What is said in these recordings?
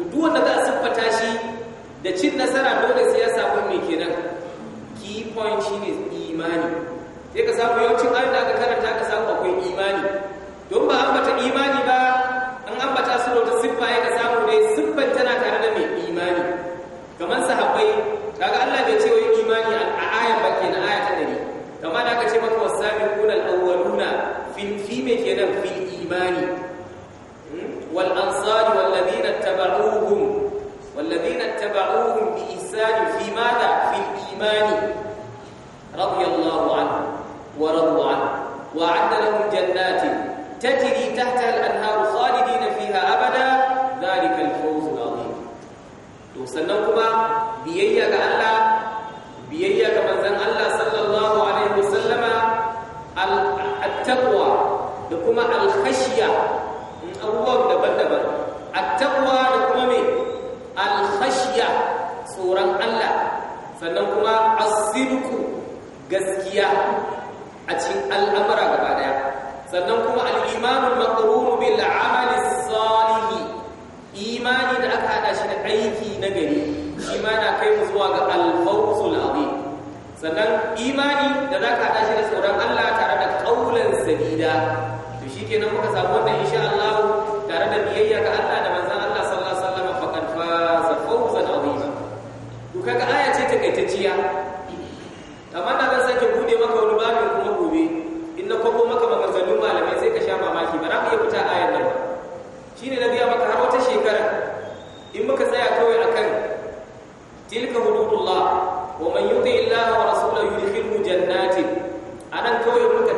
to duk wanda za a siffata shi da cin nasara dole sai ya samu mai kenan key point shine imani sai ka samu yawancin ayoyin da aka karanta ka samu akwai imani don ba ambata imani ba an ambata su da siffa ya ka samu dai siffan tana tare da mai imani kamar sahabbai kaga Allah bai ce wai imani a ayan ba kenan aya ta dare kamar da aka ce maka wasabiquna al-awwaluna fil fi mai kenan fil imani والأنصار والذين اتبعوهم والذين اتبعوهم بإحسان في ماذا؟ في الإيمان رضي الله عنه ورضوا عنه وأعد لهم جنات تجري تحتها الأنهار خالدين فيها أبدا ذلك الفوز العظيم وسنن كما بيي ga Allah gaskiya a cikin al'amura gaba daya sannan kuma al'imamun makarunu bin la’amali salihi imani da aka haɗa shi da aiki na gari shi ma na kai mu zuwa ga alfawusu fawzul sannan imani da ka haɗa shi da tsoron Allah tare da da shi to nan muka samu wannan insha Allah tare da biyayya ga Allah da manzan Allah sallallahu alaihi wasallam faqad faza fawzan azima to kaga aya ce takaitacciya amma da zan sake bude maka wani babin kuma gobe in na kwabo maka maganganun malamai sai ka sha mamaki ba za ku iya fita ayan nan ba ne na biya maka har wata shekara in muka tsaya kawai akan tilka hududullah wa man yuti illaha wa rasulahu yudkhilhu jannatin nan kawai muka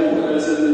我们是。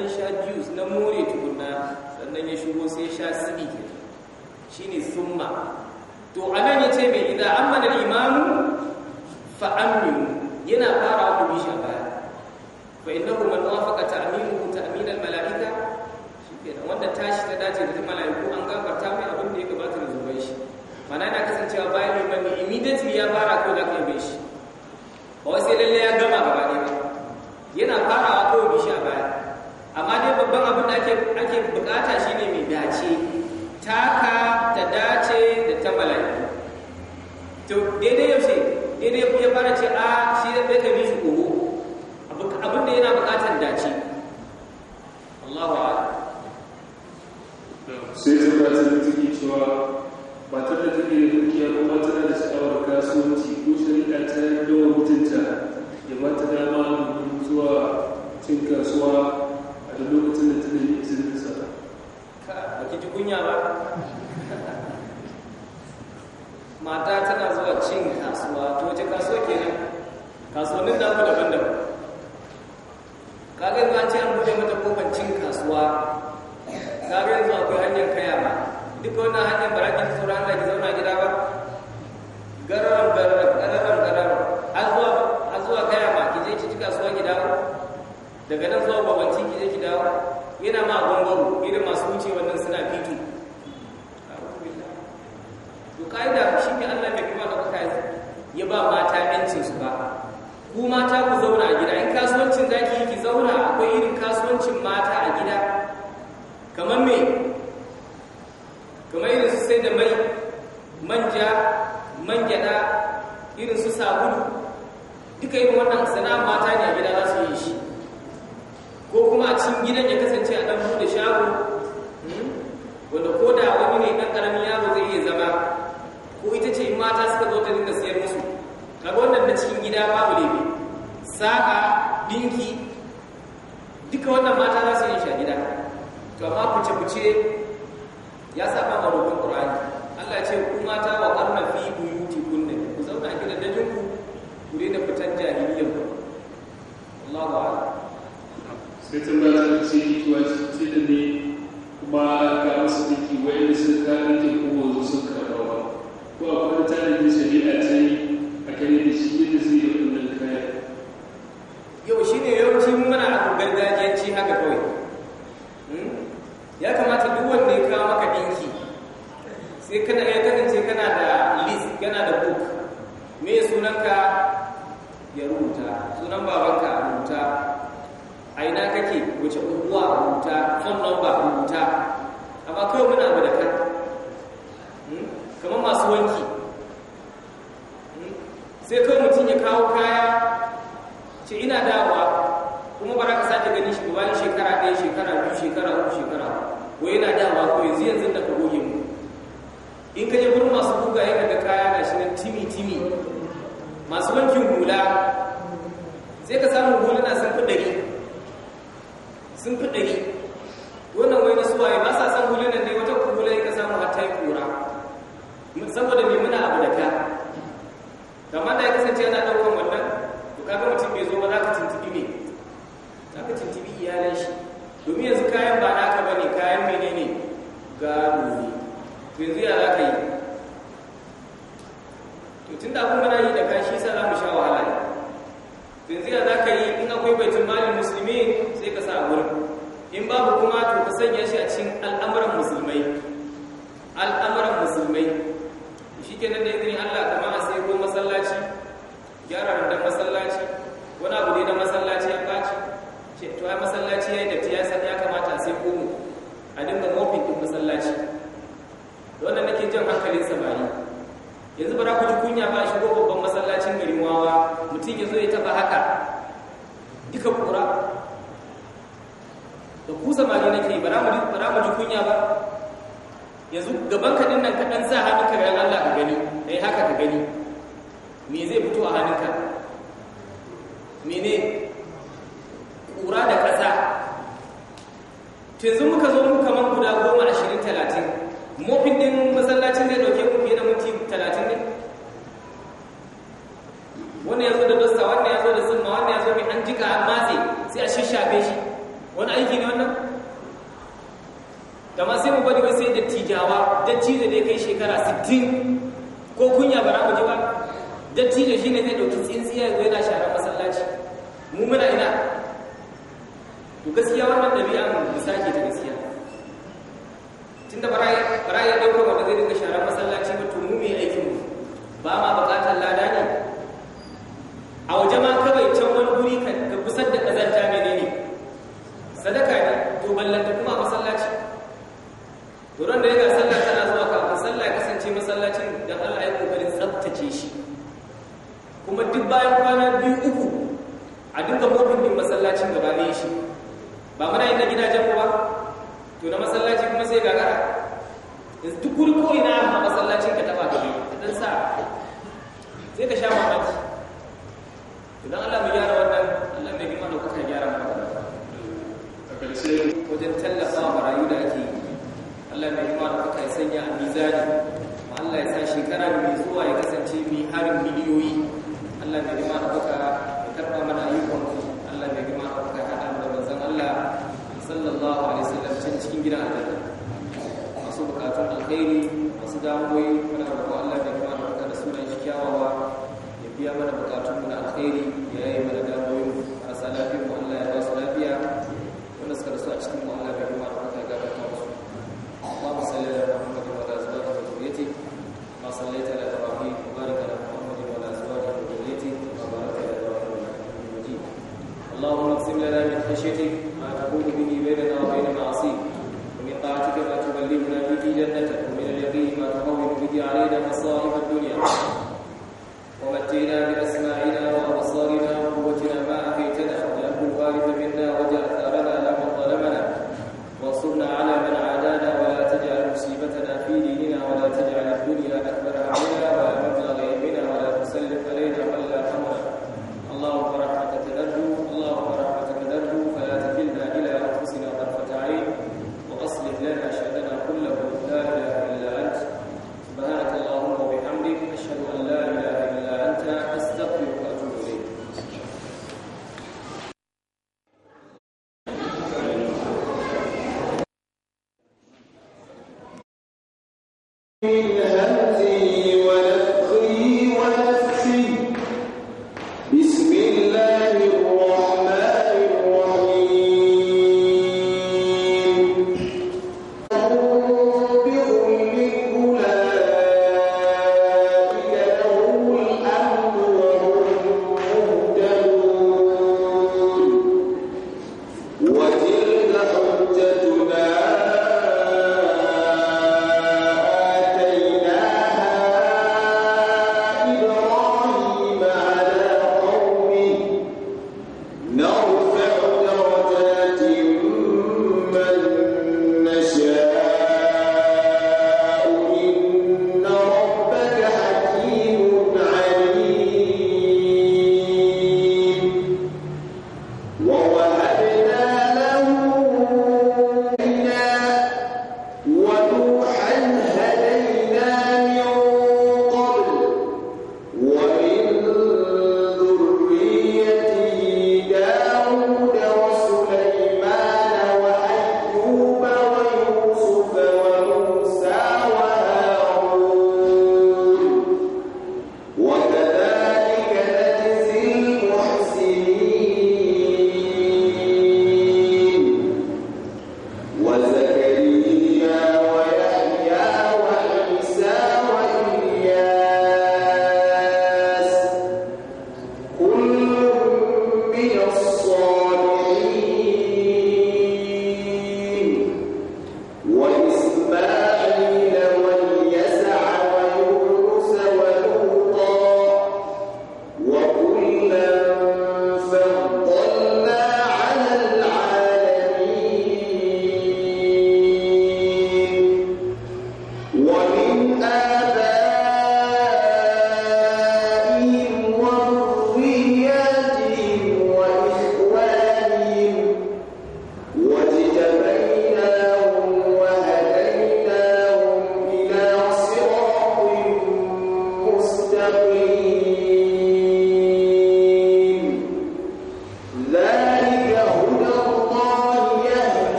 dan sha juice na more tukunna sannan ya shigo sai sha sibi ke shine summa to anan ya ce mai idan amma da fa amin yana fara wa bi sha ba baya fa innahu man wafaqa ta'minuhu ta'min al-mala'ika shikenan wanda tashi ta dace da mala'iku an gafarta mai abin da ya gabata da zuban shi mana yana kasancewa bayan liman immediately ya fara ko da kai shi ba sai lalle ya gama ba ɗaya yana farawa kawai bishiya amma dai babban abin da ake ake bukata shine mai dace taka ta dace da ta malaki to daidai yaushe daidai ya fara ce a shi da ɗaya ka bi shi kogo abin da yana bukatar dace Allahu a'lam sai ta ba ta ciki cewa ta da take da dukiya ko tana da sha'awar kasuwanci ko shari'a ta yi yawa mutunta ya ba ta dama zuwa cin kasuwa a duk lokacin da mata tana zuwa cin kasuwa to wace kasuwa kasuwannin da ku daban-daban ce an buɗe mata kofar cin kasuwa yanzu akwai hanyar kaya ba duk wannan hanyar ba za ki sauran da ki zauna gida ba gararan gararan gararan daga nan zuwa babanci gida-gida yana ma gongoro irin masu wuce wannan suna fito to kaida shi ne Allah mai kuma ɗaukaka ya ba mata yancin su ba ku mata ku zauna a gida in kasuwancin zaki yi ki zauna akwai irin kasuwancin mata a gida kamar me kamar irin su sai da mai manja man gyada irin su sabulu duka irin wannan sana'a mata ne a gida za su yi shi ko kuma a cikin gidan ya kasance a ɗan da shago hmm? wanda ko da wani ne ɗan ƙaramin yaro zai iya zama ko ita ce mata suka zo ta dinga siyar musu kaga wannan na cikin gida babu laifi sa'a dinki duka wannan mata za su yi shi a gida to amma kuce kuce ya saba ma roƙon ƙur'ani Allah ya ce ku mata wa qarna fi buyuti kunna ku zauna a gidan dajinku ku daina fitan jahiliyyar ku Allahu a'lam sai tambaya ta ce kiwa ce da ne kuma ka ga masu biki wa'inda sun kare ke kuma wanzu sun karɓa ba ko a kuma ta da shari'a ce yi a kan da shi yadda zai yi wannan kaya yau shi ne yawanci muna abu gargajiyanci haka kawai hmm? ya kamata duk wanda ya kawo maka ɗinki sai kana ya kasance kana da list kana da book me sunanka ya rubuta sunan babanka a ina kake wace unguwa rubuta phone number rubuta amma kawai muna abu da kan hmm? kamar masu wanki hmm? sai kawai mutum ya kawo kaya ce ina dawowa kuma ba za ka sake ganin shi bayan shekara ɗaya shekara biyu shekara uku shekara ko yana dawowa ko yanzu yanzu da ka goge mu in ka je gurin masu buga yana da kaya na shi nan timi timi masu wankin hula sai ka samu hula na san kuɗari sun fi ɗari wannan wai nasu waye ba sa san hulunan ne wata kuhula ka samu a ta yi kura saboda mai muna abu da ka Kamar da ya kasance yana ɗaukan wannan to kaga mutum bai zo ba za ka tuntubi ne za ka tuntubi iyalan shi domin yanzu kayan ba naka ba ne kayan menene gado ne to yanzu ya za ka yi to tun da kuma na yi da kashi sa za mu sha wahala yanzu ya za ka yi in akwai baitin malin musulmi in babu kuma to ka sanya shi a cikin al'amuran musulmai al'amuran musulmai shi ke nan da yankin Allah kama a sai ko masallaci gyara rundar masallaci wani abu ne na masallaci ya ɓaci ce to ai masallaci ya yi datti ya ya kamata sai ko mu a dinga mofin din masallaci wannan nake jan hankalin samari yanzu ba za ku ji kunya ba shigo babban masallacin garin wawa mutum ya zo ya taba haka ku samari nake ba za mu ji kunya ba yanzu gaban ka dinnan ka dan sa hannunka ga Allah ka gani eh haka ka gani me zai fito a hannunka mene kura da kasa yanzu muka zo mu kaman guda goma ashirin talatin mofin din masallacin zai dauke mu fiye da minti talatin ne wanda ya zo da dosta wani ya zo da summa wani ya zo mai an jika an matse sai a shishafe shi wani aiki ne ba ba sai dattijawa dattijo da ya kai shekara 60 ko kunya ba na ji ba dattijo shi ne zai dauki tsintsiya yanzu yana share masallaci mu muna ina to gaskiya wannan ɗabi'a mu sake ta gaskiya tunda bara ya ɗauko ba duka bokin din masallacin da ba shi ba mana yin na gidajen ba to na masallaci kuma sai gagara yanzu duk wuri ko ina a masallacin ka taba gaba a ɗan sa sai ka sha mamaki idan Allah mai gyara wannan Allah mai gima da kuka gyara mu a ƙarshe wajen tallafa wa rayu da ake yi Allah mai gima da kuka sanya a mizani Allah ya sa shekara mai zuwa ya kasance mai harin miliyoyi Allah mai gima sallallahu alaihi wasallam can cikin gidan aljanna masu bukatun alkhairi masu kana da ko Allah da kuma da sunan shi kyawawa ya biya mana bukatun mu na alkhairi ya yi mana damuwoyi a salafin mu Allah ya ba su lafiya wanda suka rasu a cikin mu Allah بسم الله الرحمن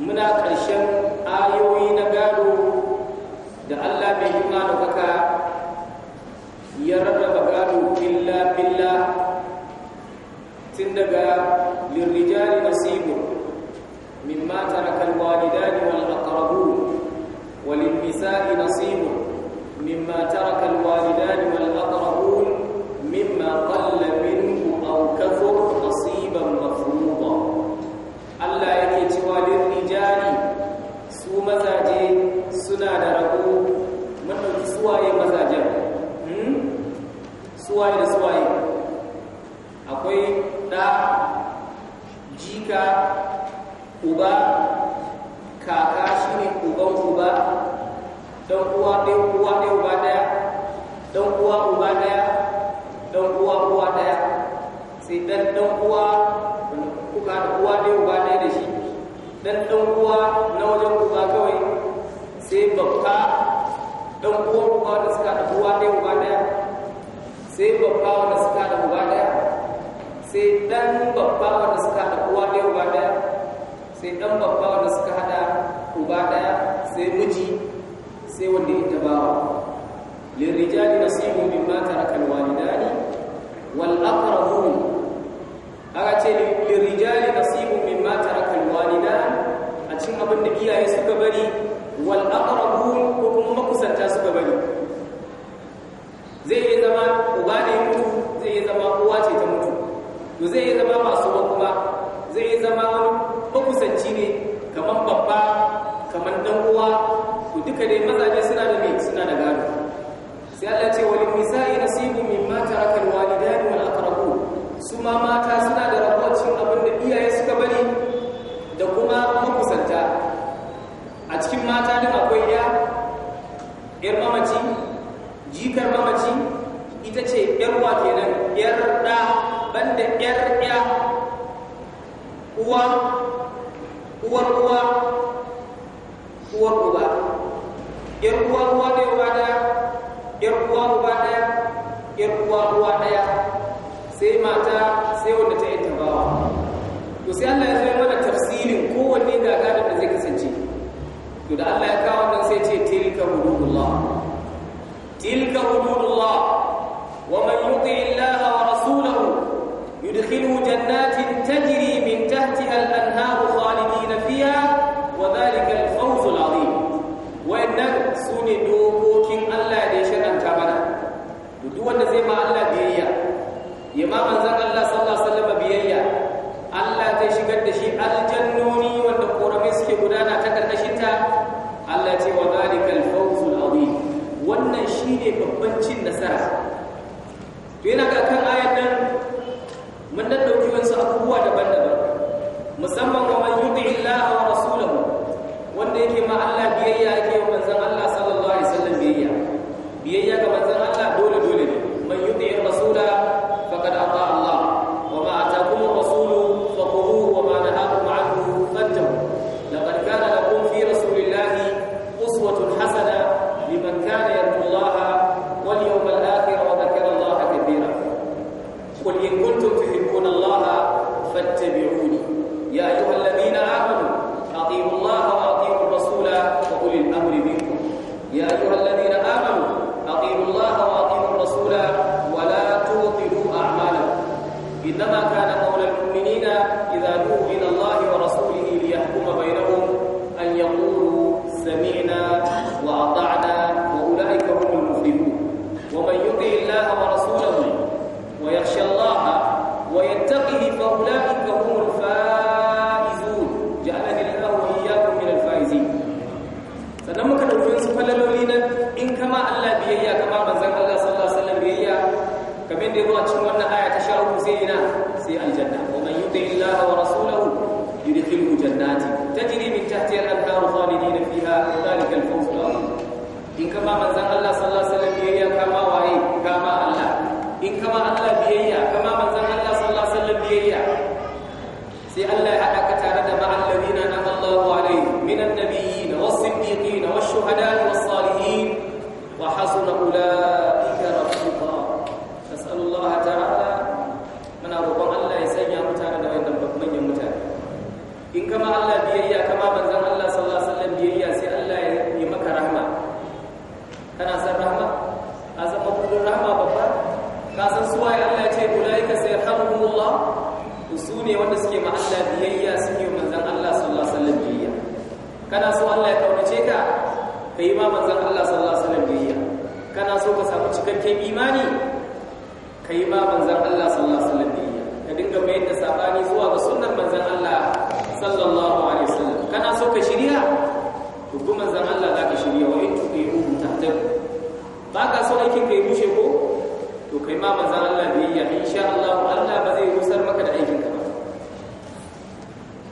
muna ƙarshen ayoyi na gado da Allah mai hikima da baka ya rarraba gado billa billa tun daga lirrijali nasibu mimma taraka alwalidani wal aqrabun وللنساء نصيب مما ترك suwaye da suwaye akwai ɗa jika uba kaka shi ne uban uba don uwa ɗaya uwa ɗaya uba ɗaya don uwa uba ɗaya don uwa uwa ɗaya sai dan dan uwa kuka da uwa ɗaya uba ɗaya da shi dan dan uwa na wajen uba kawai sai babba dan uwa uba da suka da uwa ɗaya uba ɗaya sai babbawa da suka da uwa daya sai dan babbawa da suka da uwa daya uwa daya sai dan babbawa da suka hada uba daya sai miji sai wanda ya tabawa lirrijali nasibu min ma tarakal walidani wal aqrabun aka ce lirrijali nasibu min ma tarakal walidani a cikin abin da iyaye suka bari wal aqrabun ko kuma makusanta suka bari uba ne mutu zai yi zama uwa ce ta mutu to zai yi zama masu kuma zai yi zama makusanci ne kamar babba kamar dan uwa to duka dai mazaje suna da mai suna da gado sai Allah ce walin nisa'i nasibu mimma taraka alwalidani wal aqrabu su ma mata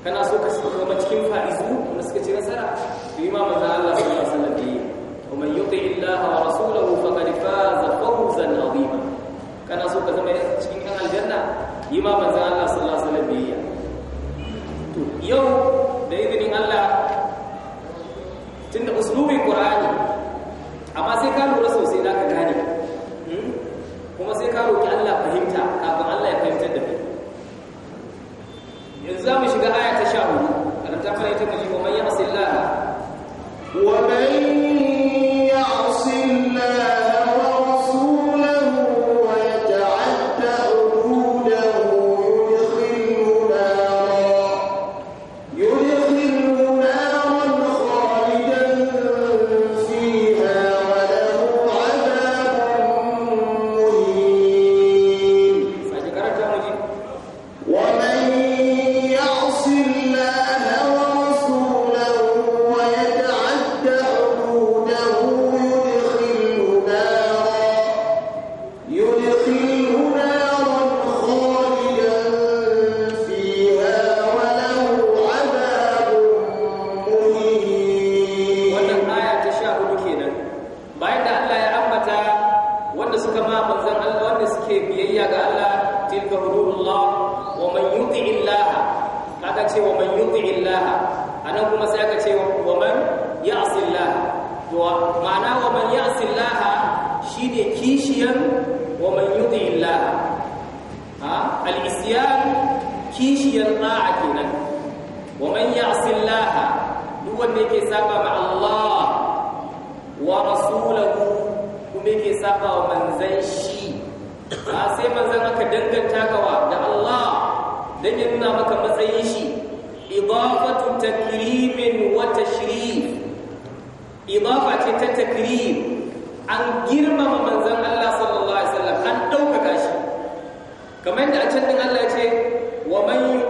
kana so ka shiga kuma cikin fa'izu wanda suka ci nasara to yi ma manzan Allah sallallahu alaihi wasallam yi wa man yuti illaha wa rasulahu faqad faza fawzan azima kana so ka zama cikin kan aljanna yi ma manzan Allah sallallahu alaihi wasallam yi to yau da izinin Allah tunda uslubin qur'ani amma sai ka lura sosai zaka gane hmm? kuma sai ka roki Allah za mu shiga aya ta sha hudu karanta mana ita sai manzan aka danganta kawa da Allah don ya nuna maka matsayin shi idafatu takrimin wa tashrif idafa ce ta takrim an girmama manzan Allah sallallahu alaihi wasallam an ɗaukaka shi kamar yadda a can din Allah ce wa man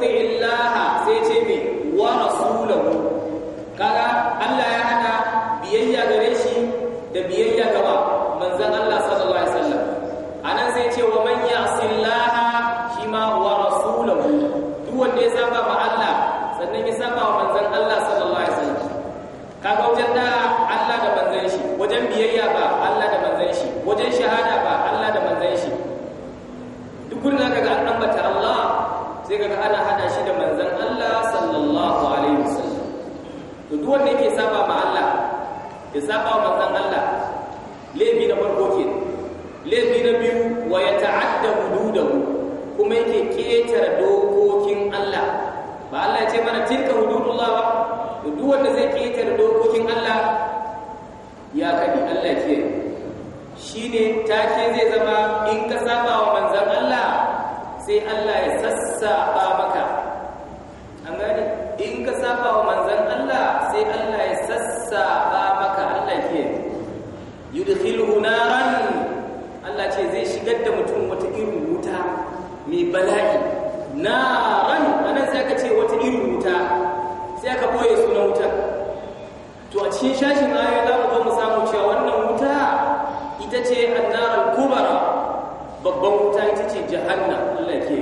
min bala'i naran anan sai aka ce wata irin wuta sai aka boye sunan wuta to a cikin shashin ayoyi za mu zo mu samu cewa wannan wuta ita ce al kubara babban wuta ita ce jahanna Allah ke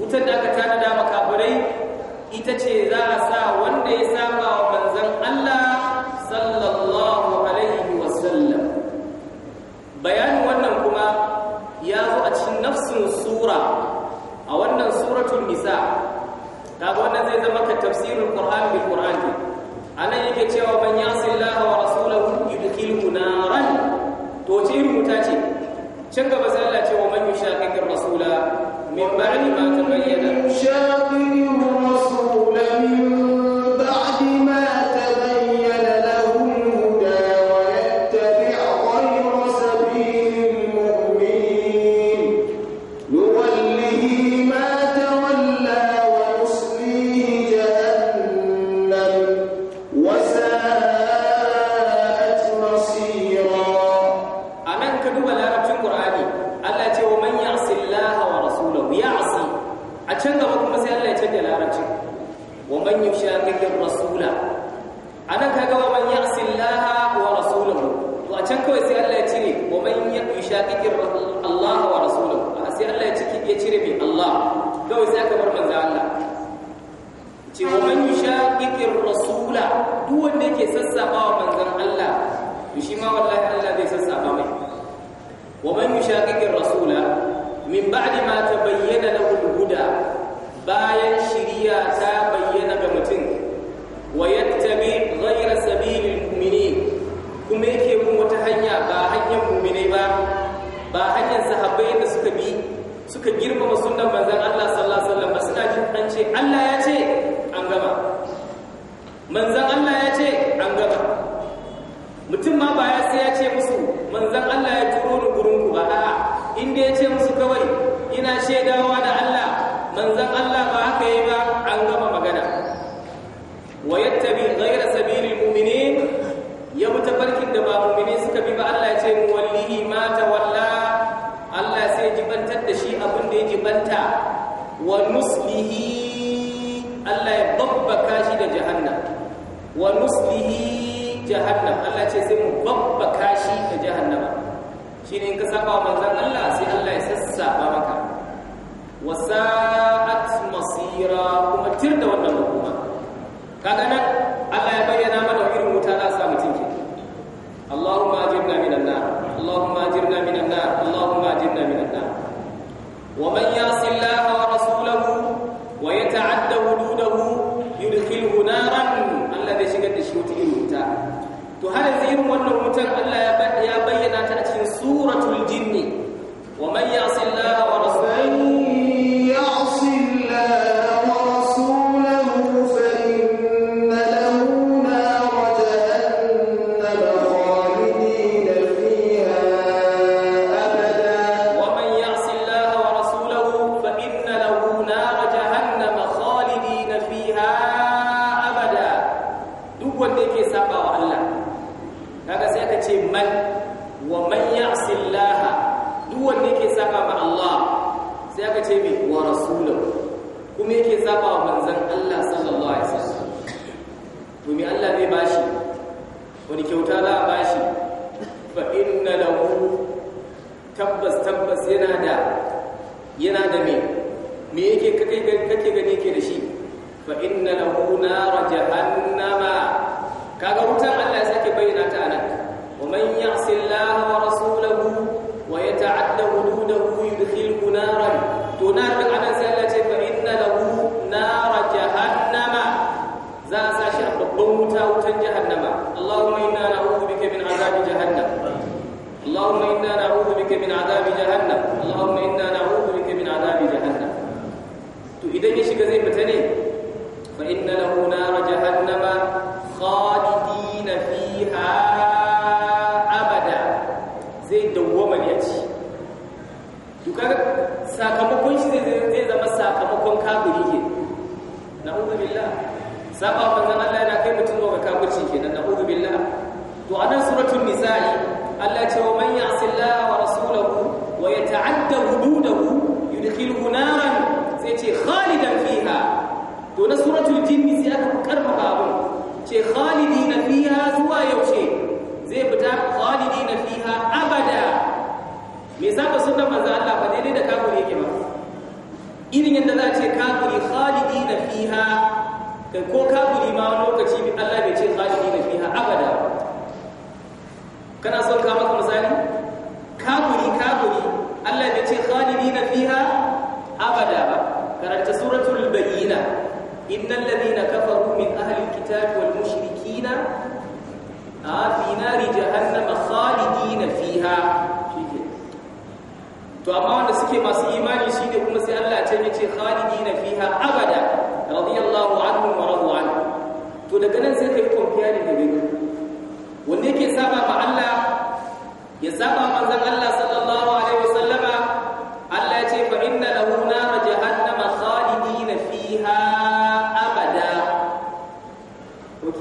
wutar da aka tana da makabarai ita ce za a sa wanda ya sa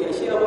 ya shi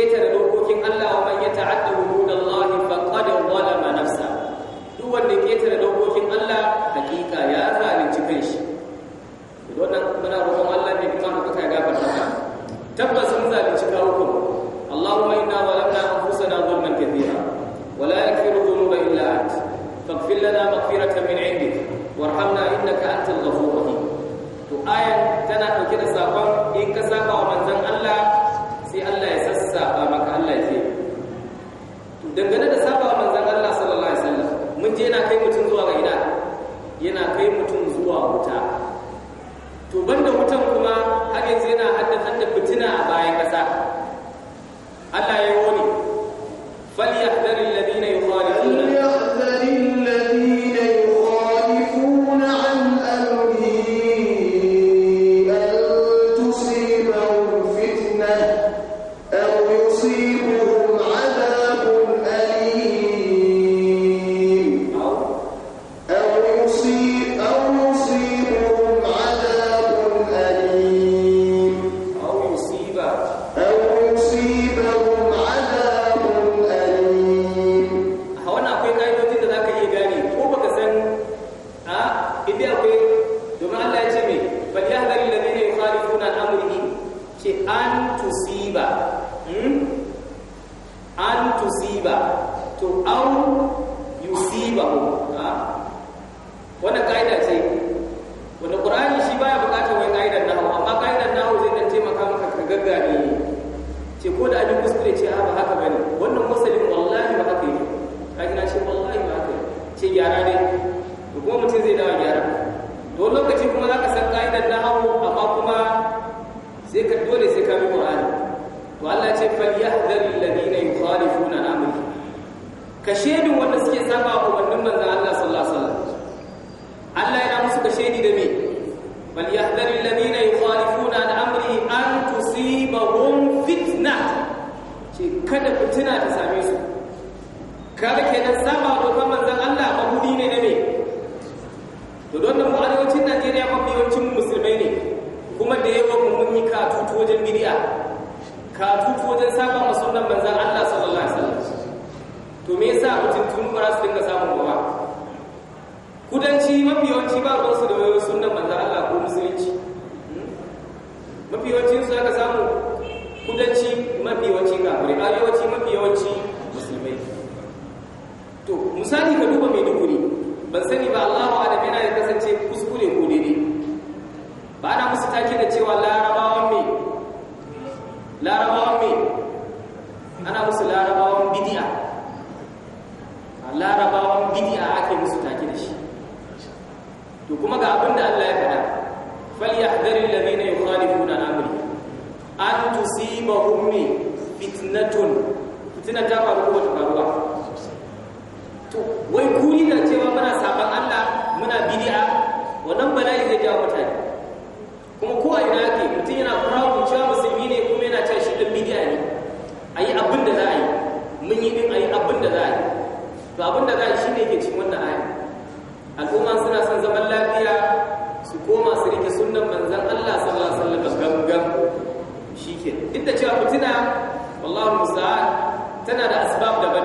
ketare doka to Allah ce falyahdhar alladhina yukhalifuna amri ka shedin wanda suke saba ubannin manzon Allah sallallahu alaihi wasallam Allah yana musu ka shedi da me falyahdhar alladhina yukhalifuna an amri an tusibahum fitna ce kada fitina ta same su kada kenan saba ubannin manzon Allah mafi su aka samu kudanci kafirai arewaci musulmai ka duba mai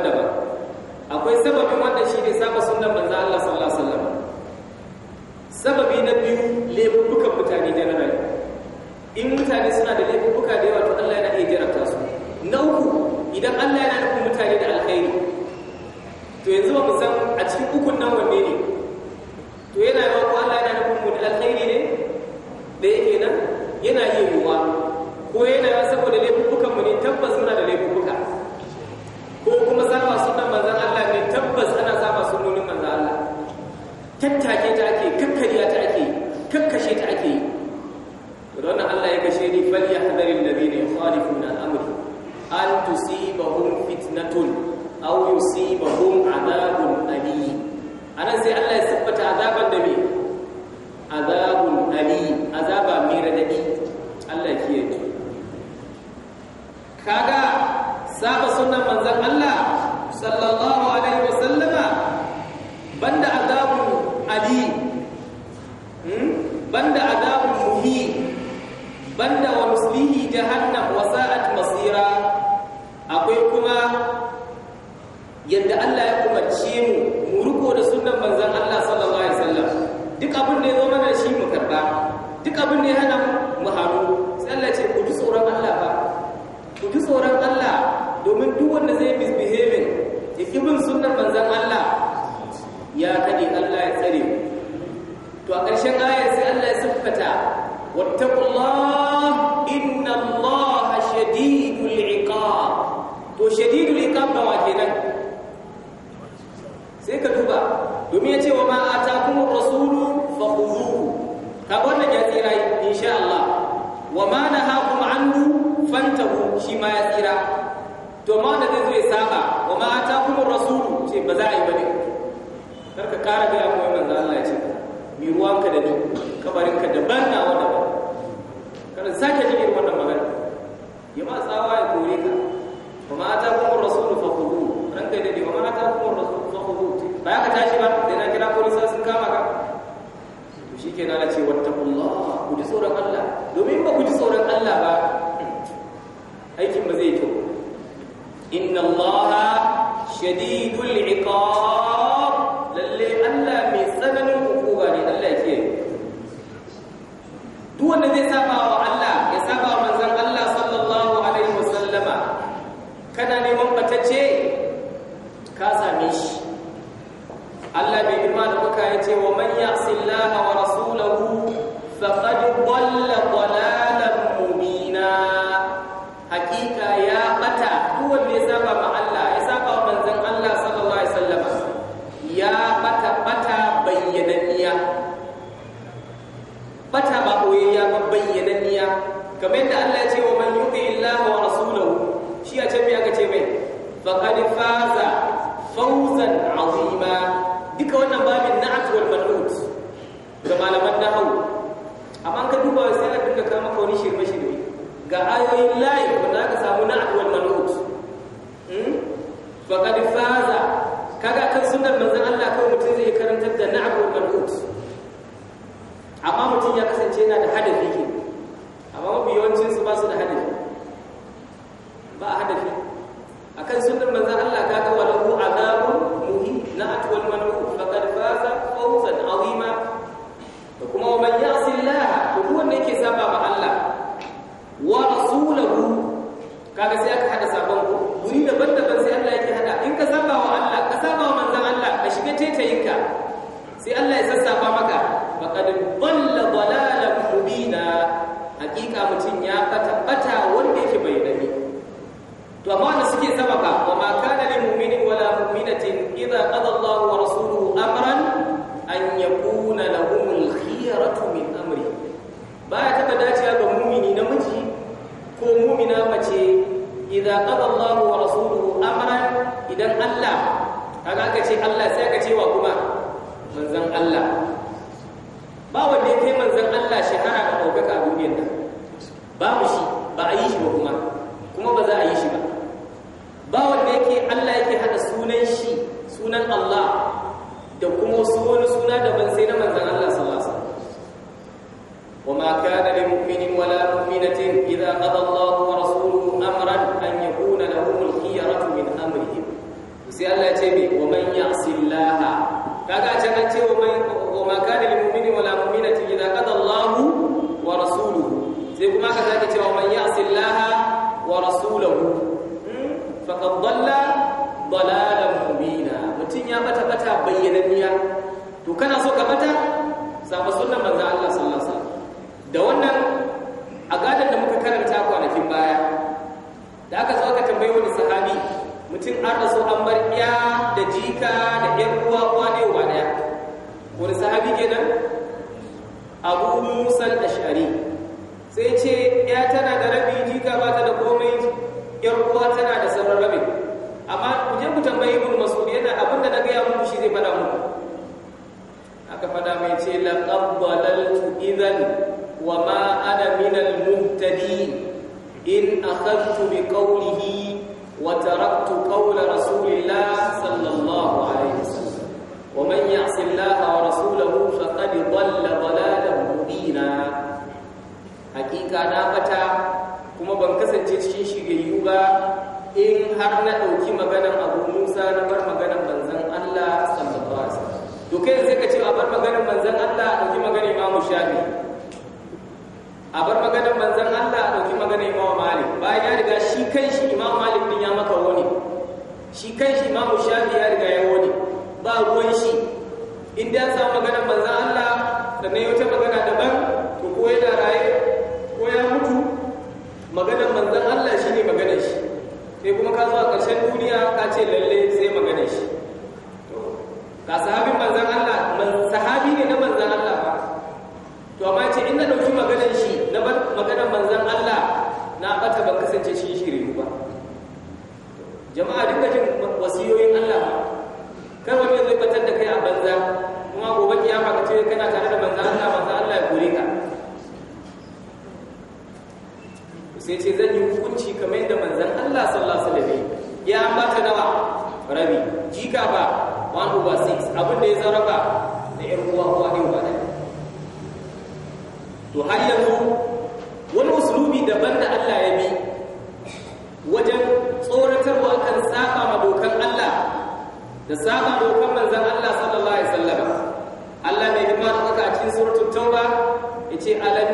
daban akwai sababin wanda shi ne saba sunan manzo Allah sallallahu alaihi wasallam sababi na biyu laifukan mutane da na in mutane suna da laifuka da yawa to Allah yana iya jarabta su na uku idan Allah yana nufin mutane da alkhairi to yanzu ba mu san a cikin ukun nan wa ma nahakum anhu fantahu shi ma ya tsira to ma da zai saba wa ma atakum rasulu ce ba za a yi bane kar ka kara ga mu manzo Allah ya ce mi ruwanka da ni kabarinka daban na wanda ba kada sake jigin wannan magana ya ma tsawa ya kore ka wa ma atakum rasulu fa khudhu ranka da ni wa ma atakum rasulu fa khudhu ba ya ka tashi ba da na kira polisa sun kama ka to shikenan na ce wattaqullah ku ji tsoron Allah domin ba ku ji tsoron Allah ba aikin ba zai kyau inna allaha shadidul iqab lalle Allah mai tsananin hukuma ne Allah ke duk wanda zai saba kowa tana da sauran rabin amma ku ku tambayi ibn mas'ud yana abin da na gaya muku shi zai faɗa muku aka faɗa mai ce laqad dalaltu idan wa ma ana min al-muhtadin in akhadtu bi qawlihi wa taraktu qawla rasulillah sallallahu alaihi wasallam wa man ya'si Allah wa rasulahu faqad dhalla dhalalan mubina hakika na fata kuma ban kasance cikin shigayyu ba in har na ɗauki maganan abu musa na bar maganan banzan allah sallallahu alaihi wasallam to kai zai ka ce a bar maganan banzan allah a ɗauki maganan imamu shafi a bar maganan banzan allah a ɗauki maganan imamu malik bayan ya riga shi kan shi imamu malik din ya maka wani shi kan shi imamu shafi ya riga ya wani ba ruwan shi in da ya samu maganan banzan allah sannan ya wuce magana daban to ko yana raye ko ya mutu maganar manzan Allah shi ne maganar shi sai kuma ka zuwa ƙarshen duniya ka ce lalle sai maganar shi ga sahabin manzan Allah sahabi ne na manzan Allah ba to amma ce in na ɗauki maganar shi na maganar manzan Allah na ɓata ban kasance shi shiri ba jama'a dukkan jin wasiyoyin Allah kar wani zai batar da kai a banza kuma gobe kiyama ka ce kana tare da manzan Allah manzan Allah ya kore ka sai ce zan yi hukunci kamar yadda manzan Allah sallallahu alaihi wasallam ya ambata nawa rabi jika ba 1 over 6 abin da ya zaraba da ƴan uwa uwa ɗin ba to har yanzu wani usulubi daban da Allah ya bi wajen tsoratarwa kan saba ma dokan Allah da saba dokan manzan Allah sallallahu alaihi wasallam Allah bai yi himma a cikin suratul tauba yace alam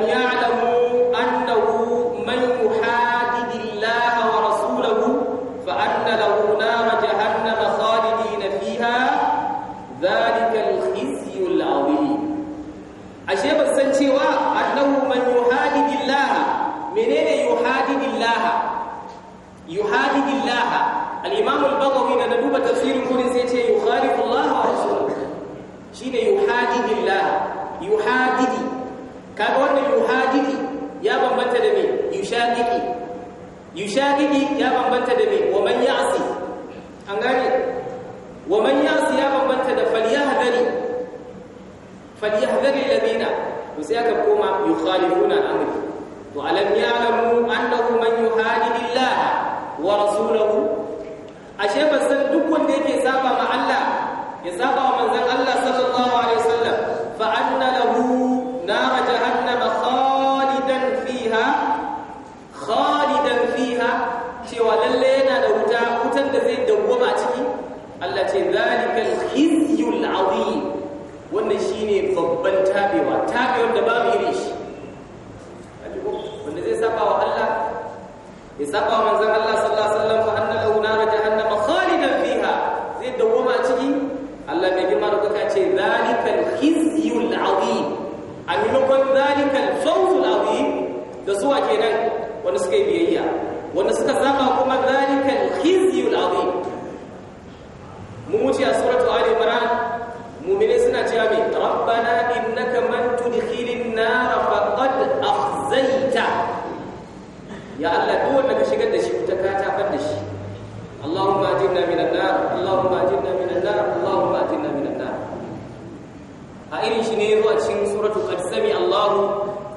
cikin suratul qad sami Allahu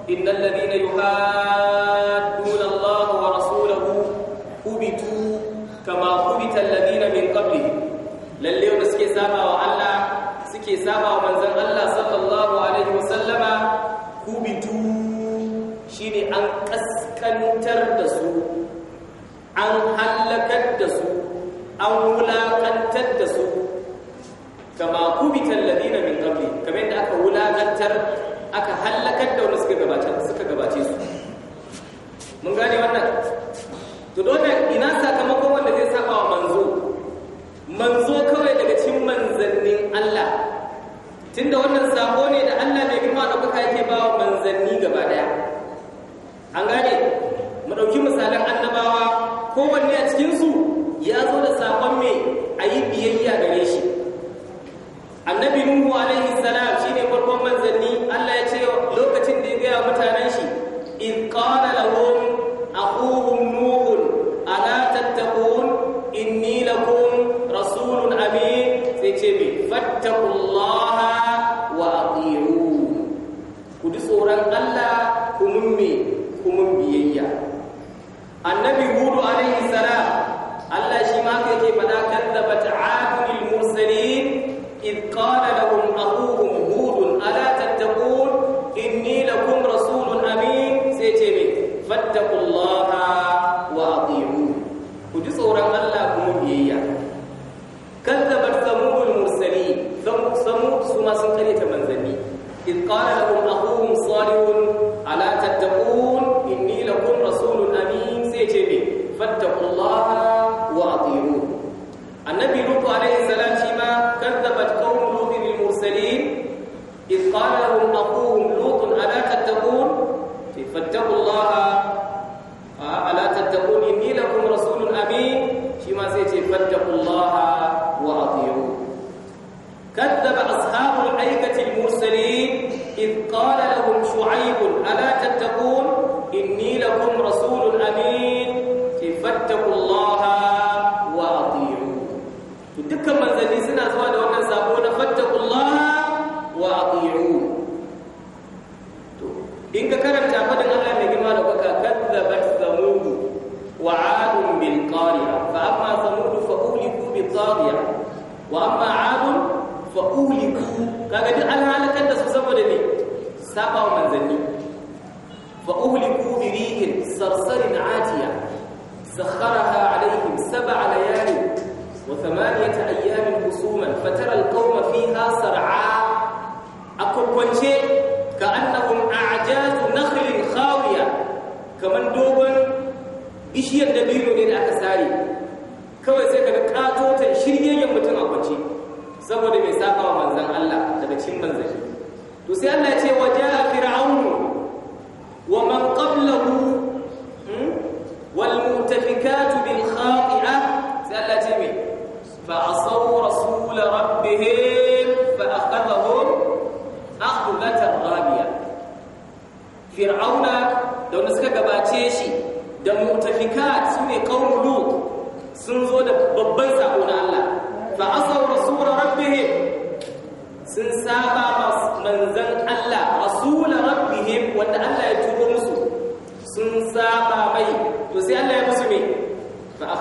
innal ladina yuhadduna Allah wa rasulahu kubitu kama kubita alladina min qablihim lalle wanda suke saba wa Allah suke saba wa manzon Allah sallallahu alaihi wasallama kubitu shine an kaskantar da su an halakar da su an da su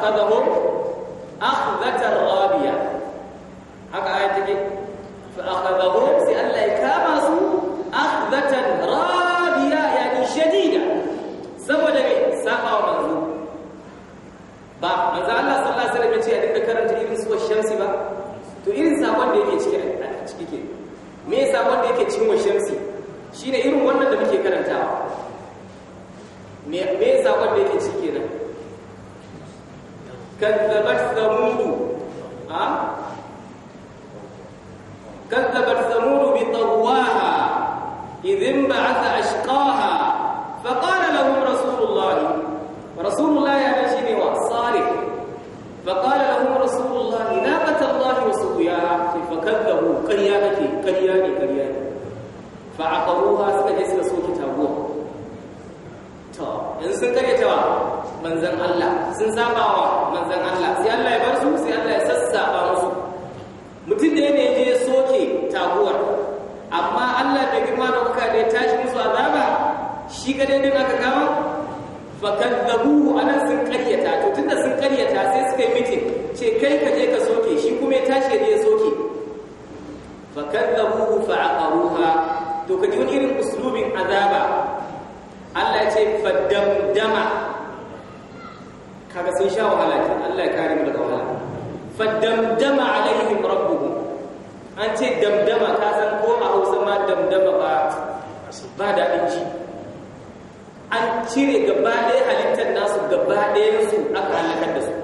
فأخذهم أخذة رابية haka ayi take fa akhadhahum sai Allah ya kama su akhdatan radiya yani shadida saboda me saba wa manzo ba manzo Allah sallallahu alaihi wasallam ya ce a dinga karanta irin su shamsi ba to irin sabon da yake cikin a ciki ke me sabon da yake cikin shamsi كذبت ثمود بطواها إذ انبعث أشقاها فقال لهم رسول الله رسول الله يعني صالح فقال لهم رسول الله ناقة الله وسقياها فكذبوا كريانك كرياني كرياني فعقروها سكجسك رسولك تابوه to in sun karyata wa manzan Allah sun saba wa manzan Allah sai Allah ya bar su sai Allah ya sassa Allah da girma da kuka da ya tashi musu azaba shi kadai din aka kama fa kadzabuhu anan sun karyata to tunda sun karyata sai suka yi mitin ce kai ka je ka soke shi kuma ya tashi ya soke fa kadzabuhu fa aqaruha to ka ji wani irin uslubin azaba Allah ya ce fa dama, kaga sun sha wahala kin Allah ya kare mu daga wahala fa damdama alaihim rabbuhum an ce damdama ka san ko a Hausa damdama ba ba da an an cire gaba ɗaya halittar nasu gaba su aka halakar da su